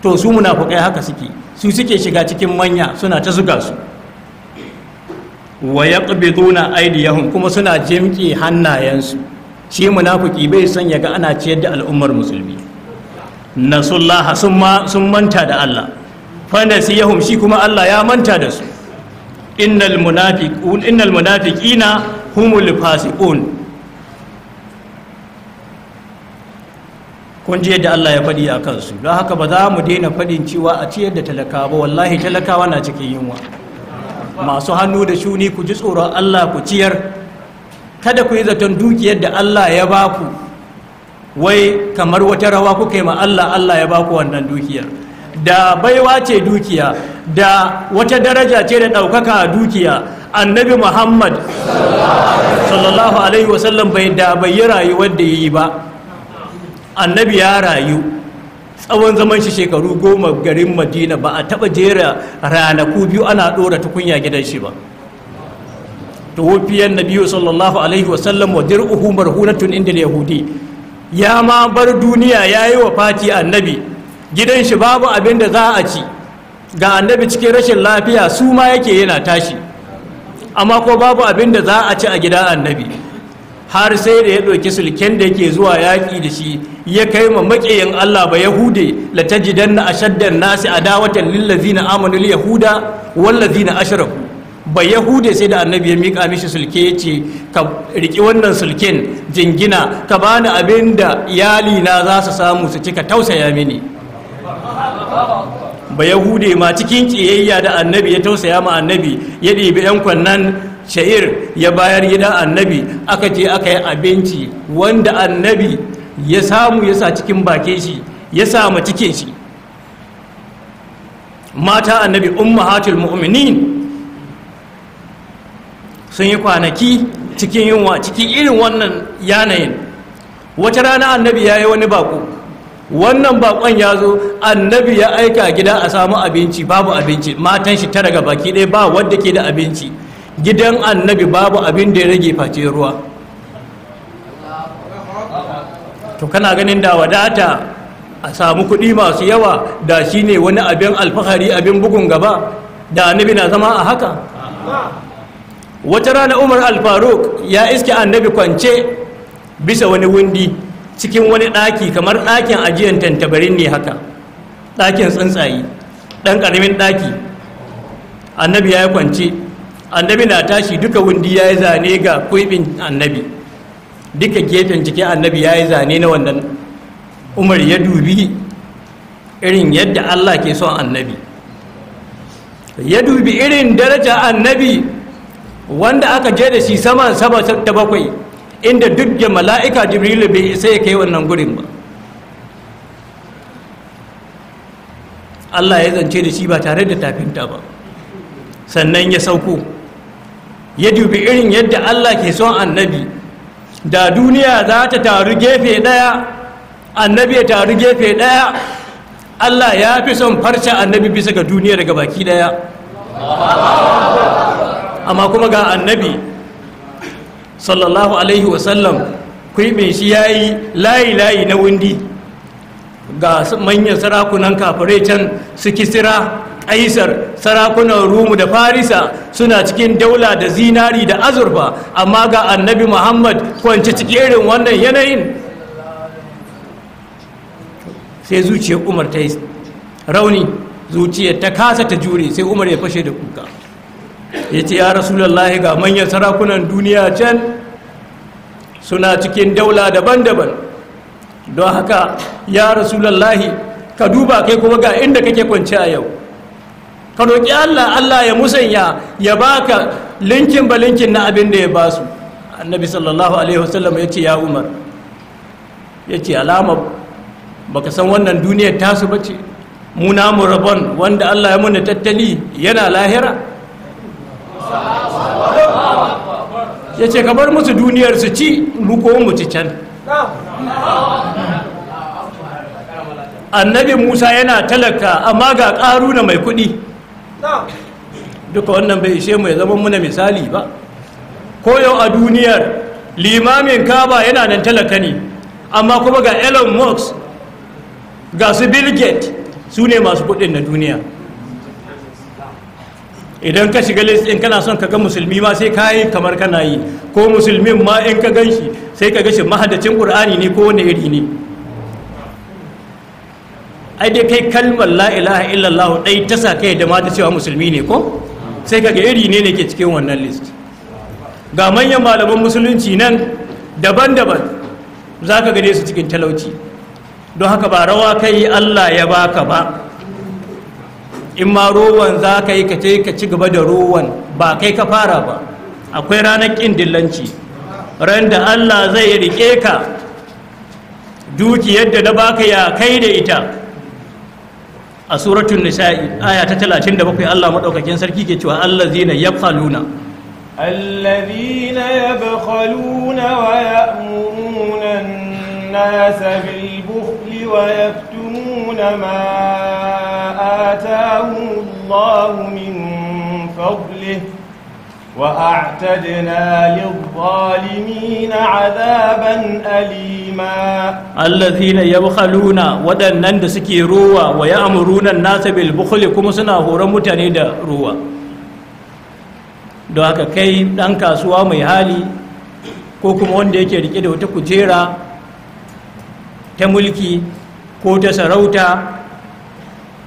to su muna fukai haka suke su suke shiga cikin manya suna ta zuga su wa yaqbiduna aidiyahun kuma suna jimki hannayensu shi munafuki bai son ya ga ana ciyar da al'ummar musulmi Nasullaha sun manta da Allah fa yahun shi kuma Allah ya manta da su innal munafiki innal humul fasiqun kun ji yadda Allah ya faɗi a kansu don haka ba za mu daina faɗin cewa a ciyar da talakawa ba wallahi talakawa na cikin yunwa masu hannu da shuni ku ji tsoron Allah ku ciyar kada ku yi zaton dukiyar da Allah ya ba wai kamar wata rawa kuka yi ma Allah Allah ya baku wannan dukiyar da baiwa ce dukiya da wata daraja ce da ɗaukaka a dukiya annabi muhammad sallallahu alaihi wasallam bai da bai yi rayuwar da ya yi ba annabi ya rayu tsawon zaman shi shekaru goma garin madina ba a taba jera ranaku biyu ana ɗora tukunya gidan shi ba tuwafiyar nabiyu sallallahu alaihi wasallam wa dir'uhu marhunatun inda yahudi ya ma bar duniya ya yi wa fati annabi gidan shi babu abin da za a ci ga annabi cikin rashin lafiya su ma yake yana tashi amma ko babu abin da za a ci a gida annabi har sai da ya ɗauki sulken da yake zuwa yaƙi da shi ya kai ma maƙiyin Allah ba Yahude la tajidanna ashaddan nasi adawatan lil ladzina amanu amanul yahuda wal ladzina ashraku ba Yahude sai da annabi ya mika mishi sulke ce, ka riki wannan sulken jingina ka bani abin da iyalina na za su samu su cika tausaya mini ba yahude ma cikin kiyayya da annabi ya tausaya ma annabi ya ɗebi yan kwannan sha'ir ya bayar gida annabi aka je aka yi abinci wanda annabi ya samu ya sa cikin bakin shi ya sa ma cikin shi mata annabi umma, hatul mu'minin sun yi kwanaki cikin yunwa cikin irin wannan yanayin wata rana annabi ya yi wani bako wannan bakon ya zo annabi ya aika gida a samu abinci babu abinci matan shi tara ga baki ɗaya ba wadda ke da abinci gidan annabi babu abin da ya rage face ruwa to kana ganin da wadata a samu kuɗi masu yawa da shi ne wani abin alfahari abin bugun gaba da annabi na zama a haka wata rana umar alfaruk ya iske annabi kwance bisa wani wundi cikin wani ɗaki kamar ɗakin ajiyan tantabarin ne haka ɗakin tsuntsaye ɗan ƙaramin ɗaki annabi ya yi kwance annabi na tashi duka wundi ya yi zane ga kwaibin annabi duka gefen cikin annabi ya yi zane na wannan umar ya dubi irin yadda allah ke son annabi ya dubi irin daraja annabi wanda aka je da shi saman sama ta bakwai inda duk da mala'ika jibrilu bai isa ya kai wannan gurin ba Allah ya zance da shi ba tare da tafinta ba sannan ya sauko ya dubi irin yadda Allah ke son annabi da duniya za ta taru gefe ɗaya annabi ya taru gefe ɗaya Allah ya fi son farce annabi bisa ga duniya daga baki ɗaya amma kuma ga annabi sallallahu alaihi wasallam kuibin shi ya yi layi-layi na wundi ga manyan sarakunan kafirai can su kisira kaisar sarakunan rumu da farisa suna cikin daula da zinari da azurfa amma ga annabi muhammad kwanci cikin irin wannan yanayin sai zuciyar umar ta yi rauni zuciya ta kasa ta jure sai umar ya fashe da kuka ya ce ya rasulallah ga manyan sarakunan duniya can suna cikin daula daban-daban don haka ya rasulallah ka duba kai kuma ga inda kake kwanci a yau ka roƙi allah allah ya musanya ya baka linkin ba linkin na abin da ya basu annabi sallallahu alaihi wasallam ya ce ya umar ya ce alama baka san wannan duniyar tasu ba ce muna mu rabon wanda allah ya muna tattali yana lahira ya ce ka bar musu duniyar su ci ruko mu ci can annabi musa yana talaka amma ga ƙaruna mai kuɗi duka wannan bai ishe mu zama muna misali ba ko yau a duniyar limamin kaba yana nan talaka ne amma kuma ga elon musk ga su bill gates su ne masu kuɗin na duniya idan ka shiga list in kana son ka ga musulmi ma sai ka yi kamar kana yi ko musulmin ma in ka gan shi sai ka gashi shi mahadacin qur'ani ne ko wani iri ne ai dai kai kalmar la ilaha illallah dai ta sa kai da mata cewa musulmi ne ko sai ka ga iri ne ne ke cikin wannan list ga manyan malaman musulunci nan daban-daban za ka gane su cikin talauci don haka ba rawa kai allah ya baka ba in ma rowan za ka yi ka ce ka ci gaba da rowan ba kai ka fara ba akwai ranar ƙin dillanci ran da allah zai riƙe ka duki yadda na baka ya kai da ita a suratun nisa'i aya ta bakwai allah maɗaukakin sarki ke cewa allah zina ya faluna الذين يبخلون ويأمرون الناس بالبخل ويكتمون ما آتاهم الله من فضله وأعتدنا للظالمين عذابا أليما الذين يبخلون ودنن da suke ruwa wa ya'muruna an-nasa bil kuma suna horon mutane da ruwa da aka kai ɗan kasuwa mai hali ko kuma wanda yake rike da wata kujera ta mulki ko ta sarauta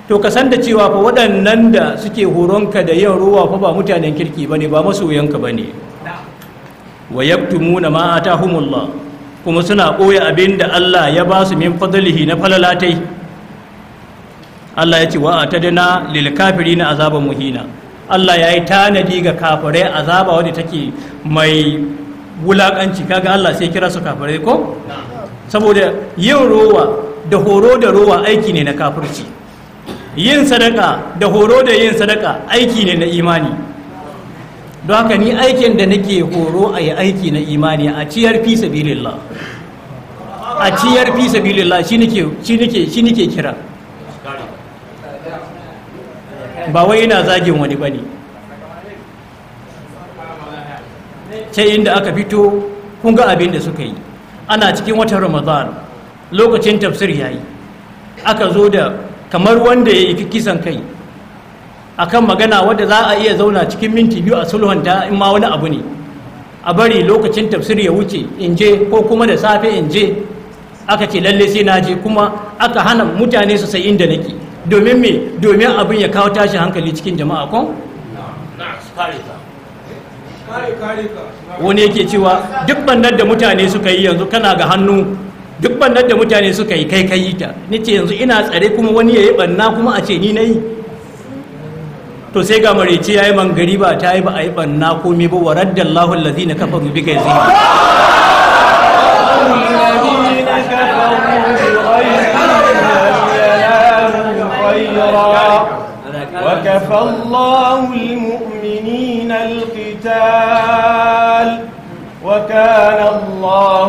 to ka san da cewa fa waɗannan da suke horonka da yin ruwa fa ba mutanen kirki ba ne ba masoyanka ba ne wa yaktumuna ma atahumullah kuma suna ɓoye abin da Allah ya ba su min fadlihi na falalatai Allah ya ce wa atadna lil kafirina azaban muhina Allah ya yi tanadi ga kafirai azaba wadda take mai wulakanci kaga Allah sai kira su kafirai ko saboda yin ruwa da horo da rowa aiki ne na kafirci yin sadaka da horo da yin sadaka aiki ne na imani don haka ni aikin da nake horo a yi aiki na imani a ciyar fi sabilillah a ciyar fi sabilillah shi nake kira ba wai ina zagin wani bane ce inda aka fito kun ga abin da suka yi ana cikin watan ramadan lokacin tafsir ya yi aka zo da kamar wanda ya yi kisan kai akan magana wadda za a iya zauna cikin minti biyu a sulhunta in ma wani abu ne a bari lokacin tafsir ya wuce in je ko kuma da safe in je aka ce lalle sai na je kuma aka hana mutane su sai inda nake domin me domin abin ya kawo tashi hankali cikin jama'a kon wani yake cewa duk bannar da mutane suka yi yanzu kana ga hannu duk bannar da mutane suka yi kai kai ta ni ce yanzu ina tsare kuma wani ya yi banna kuma a ce ni na yi to sai ga marece ya yi mangari ba ta yi ba a yi banna ko me ba da raddallahu allazi na kafa rubi kai zai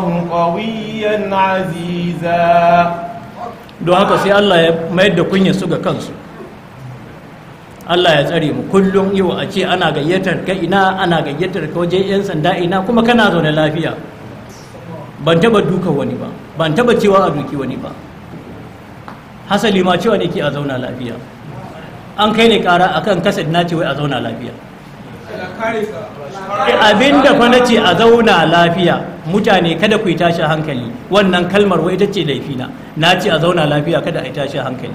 الله don haka sai Allah ya mayar da kunya su ga kansu Allah ya tsare mu kullum yau a ce ana gayyatar ka ina ana gayyatar ka waje yan sanda ina kuma kana zaune lafiya ban taba duka wani ba ban taba cewa a duki wani ba hasali ma cewa ne ke a zauna lafiya an kai ne kara akan kaset na ce wai a zauna lafiya abin da fa ce a zauna lafiya mutane kada ku yi tashi hankali wannan kalmar wai ita ce laifina na ce a zauna lafiya kada a yi tashi hankali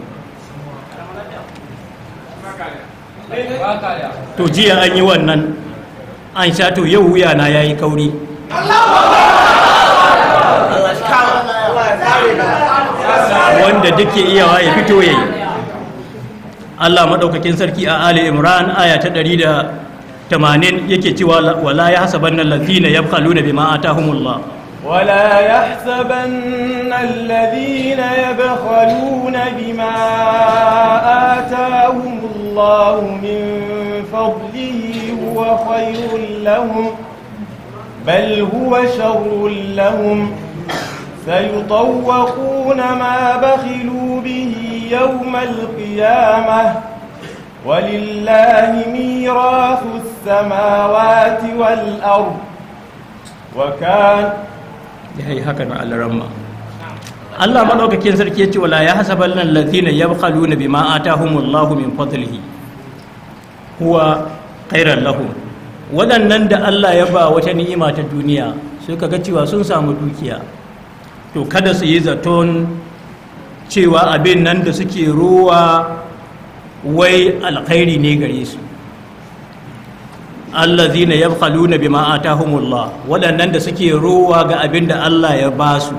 to jiya an yi wannan an sha to yau wuya na yi kauri wanda duke iyawa ya fito ya yi. Allah maɗaukakin sarki a Ali Imran aya ta ɗari da 80 yake cewa wala ya hasabanna allazina yabkhaluna bima atahumullah ولا يحسبن الذين يبخلون بما آتاهم الله من فضله هو خير لهم بل هو شر لهم سيطوقون ما بخلوا به يوم القيامة ولله ميراث السماوات والأرض وكان يهي هكذا على رمى Allah madaukakin sarki ya ce wala ya hasaban nan latina ya bakalu na bima atahumullahu min fadlihi huwa khairan lahum waɗannan da Allah ya ba wata ni'ima ta duniya suka ga cewa sun samu dukiya to kada su yi zaton cewa abin nan da suke ruwa wai alkhairi ne gare su allazina yabkhaluna bima atahumullah waɗannan da suke rowa ga abin da Allah ya ba su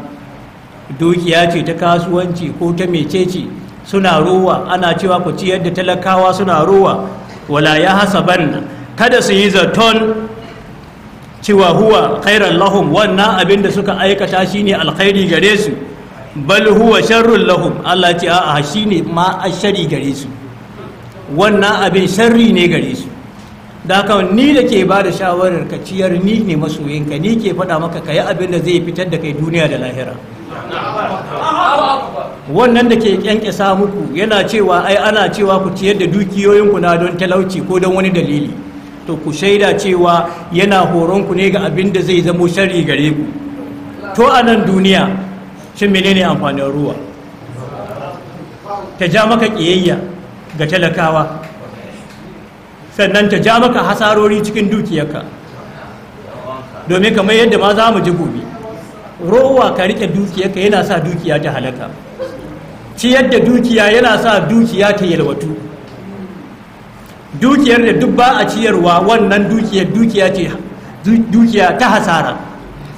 dukiya ce ta kasuwanci ko ta mecece suna rowa ana cewa ku ciyar da talakawa suna rowa wala ya hasabanna kada su yi zaton cewa huwa khairan lahum wannan abin da suka aikata shine alkhairi gare su bal huwa sharrun lahum Allah ce a'a shine ma shari gare su wannan abin sharri ne gare su da haka ni da ke ba da shawarar ka ciyar ni ne masoyinka ni ke faɗa maka ka yi abin da zai fitar da kai duniya da lahira wannan da ke kyankyasa muku yana cewa ai ana cewa ku ciyar da dukiyoyinku na don talauci ko don wani dalili to ku shaida cewa yana horonku ne ga abin da zai zamo sharri gare ku to a nan duniya shin menene amfanin ruwa ta ja maka kiyayya ga talakawa sannan ta ja maka hasarori cikin dukiyarka domin kamar yadda ma za mu ji gobe rowa ka rike dukiyarka yana sa dukiya ta halaka ciyar da dukiya yana sa dukiya ta yalwatu dukiyar da duk ba a ciyarwa wannan dukiyar dukiya ce dukiya ta hasara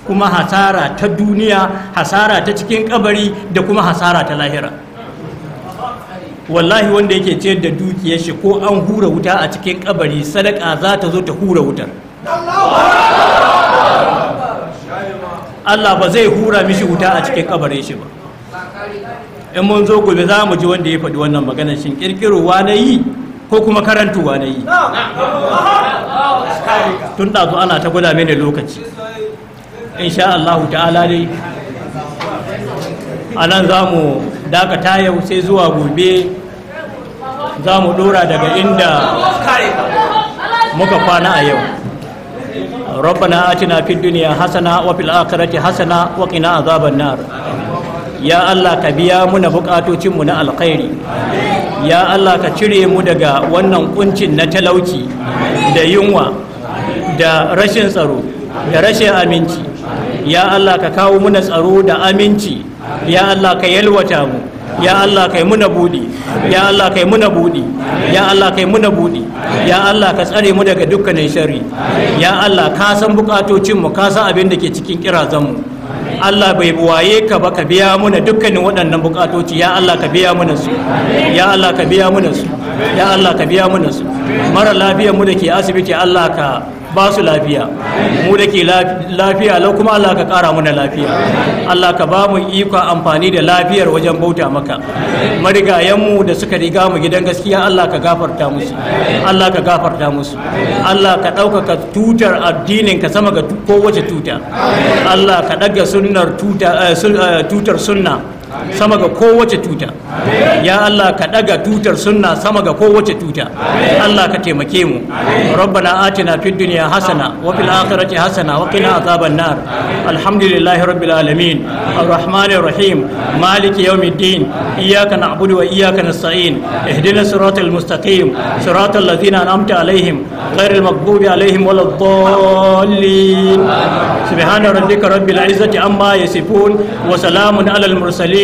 kuma hasara ta duniya hasara ta cikin kabari da kuma hasara ta lahira wallahi wanda yake ciyar da dukiyar shi ko an hura wuta a cikin kabari sadaka za ta zo ta hura wutar Allah ba zai hura mishi wuta a cikin kabarin shi ba in mun zo gobe za mu ji wanda ya faɗi wannan magana shi kirkirowa na yi ko kuma karantuwa na yi tun ɗazu ana ta gwada mini lokaci sha Allah ta'ala dai a nan za mu dakata yau sai zuwa gobe za mu dora daga inda muka kwana a yau rabbana na fi duniya hasana wa fil akhirati hasana wa azaban nar ya allah ka biya muna buƙatocinmu na alkhairi ya allah ka cire mu daga wannan ƙuncin na talauci da yunwa da rashin tsaro da rashin aminci ya allah ka kawo muna tsaro da aminci ya Allah ka yalwata mu ya Allah kai muna budi ya Allah kai muna budi ya Allah kai muna budi ya Allah ka tsare mu daga dukkanin shari ya Allah ka san bukatocin mu ka san abin da ke cikin kirazan mu Allah bai buwaye ka ba ka biya muna dukkanin waɗannan bukatoci ya Allah ka biya muna su ya Allah ka biya muna su ya Allah ka biya muna su mara lafiyar mu da ke asibiti Allah ka ba su lafiya mu da ke lafiya lau kuma Allah ka kara muna lafiya Allah ka ba mu iko amfani da lafiyar wajen bauta maka marigayenmu da suka riga mu gidan gaskiya Allah ka gafarta musu Allah ka gafarta musu Allah ka ɗaukaka tutar addinin ka sama ga kowace tuta Allah ka ɗaga sunnar eh, eh, tutar sunna sama ga kowace tuta ya Allah ka daga tutar sunna sama ga kowace tuta Allah ka taimake mu rabbana atina fid dunya hasana wa fil akhirati hasana wa qina azaban nar alhamdulillahi rabbil alamin arrahmanir rahim maliki yawmiddin iyyaka na'budu wa iyyaka nasta'in ihdina siratal mustaqim siratal ladzina an'amta alaihim ghairil maghdubi alaihim waladdallin subhana rabbika rabbil izzati amma yasifun wa salamun alal mursalin